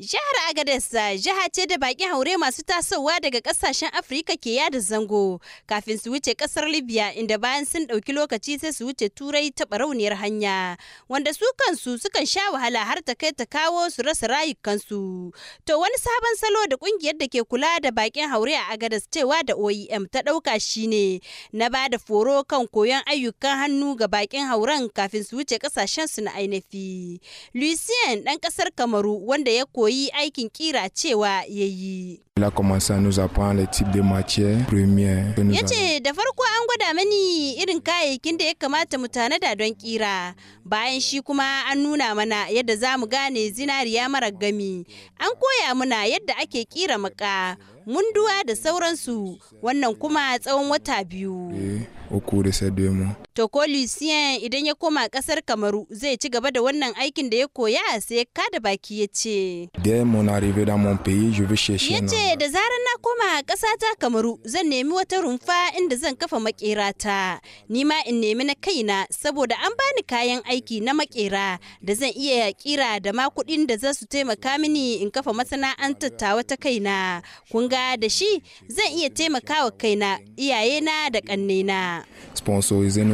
Jihar Agadez jiha ce da baƙi haure masu tasowa daga ƙasashen Afirka ke yada zango kafin su wuce ƙasar Libya inda bayan sun ɗauki lokaci sai su wuce Turai ta barauniyar hanya wanda su kansu sukan sha wahala har ta kai ta kawo su rasa rayukansu. To wani sabon salo da ƙungiyar da ke kula da baƙin haure a Agadez cewa da OEM ta ɗauka shine na ba da foro kan koyon ayyukan hannu ga baƙin hauren kafin su wuce ƙasashen su na ainihi. E. Lucien ɗan ƙasar Kamaru wanda ya koyi koyi aikin kira cewa ya yi. Ya ce da farko an gwada mani irin kayayyakin da ya kamata mu tanada don kira. Bayan shi kuma an nuna mana yadda za mu gane zinariya mara gami. An koya muna yadda ake kira maka. munduwa da sauransu wannan kuma tsawon wata biyu. Eh, uku idan ya koma kasar Kamaru zai ci gaba da wannan aikin da ya koya sai ka da baki ya ce. Ya ce da zarar na koma ƙasata Kamaru zan nemi wata rumfa inda zan kafa makera ta. Ni ma in nemi na kaina saboda an bani kayan aiki na makera da zan iya kira da ma kuɗin da za su taimaka mini in kafa masana'antar ta wata kaina. Kun ga da shi zan iya taimakawa kaina iyayena da ƙannena. sponsoriser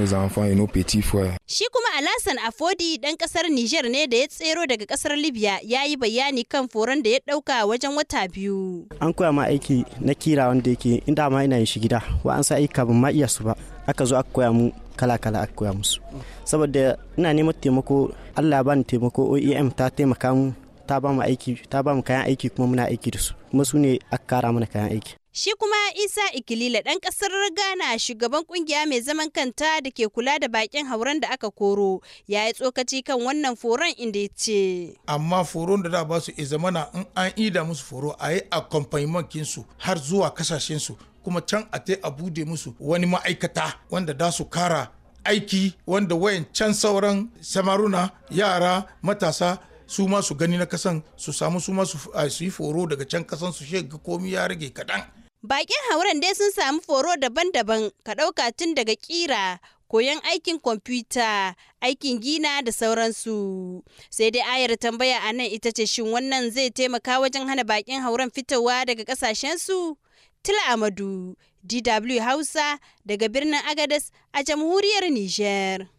Shi kuma Alasan Afodi dan kasar Niger ne da ya tsero daga kasar Libya ya yi bayani kan foron da ya dauka wajen wata biyu. An koya ma aiki na kira wanda yake inda ma ina yin shi gida wa an sa aika ban ma iya su ba aka zo aka koya mu kala-kala aka koya musu. Saboda ina neman taimako Allah bani taimako OEM ta taimaka mu ta ba mu aiki ta ba mu kayan aiki kuma muna aiki da su kuma su ne aka kara mana kayan aiki Shi kuma Isa Ikilila ɗan ƙasar Ghana shugaban ƙungiya mai zaman kanta da ke kula da bakin hauren da aka koro ya yi tsokaci kan wannan foron inda ya ce. Amma foron da za ba su izamana in an ida musu foro a yi accompaniment kinsu har zuwa kasashen su kuma can a te a bude musu wani ma'aikata wanda da su kara aiki wanda wayan can sauran samaruna yara matasa su ma su gani na kasan su samu su ma su yi foro daga can kasan su shiga komi ya rage kaɗan. Bakin hauren dai sun samu foro daban-daban ka ɗauka tun daga ƙira koyon aikin kwamfuta aikin gina da sauransu sai dai ayar tambaya a nan ita ce shin wannan zai taimaka wajen hana bakin hauren fitowa daga su tila amadu dw hausa daga birnin agadas a jamhuriyar niger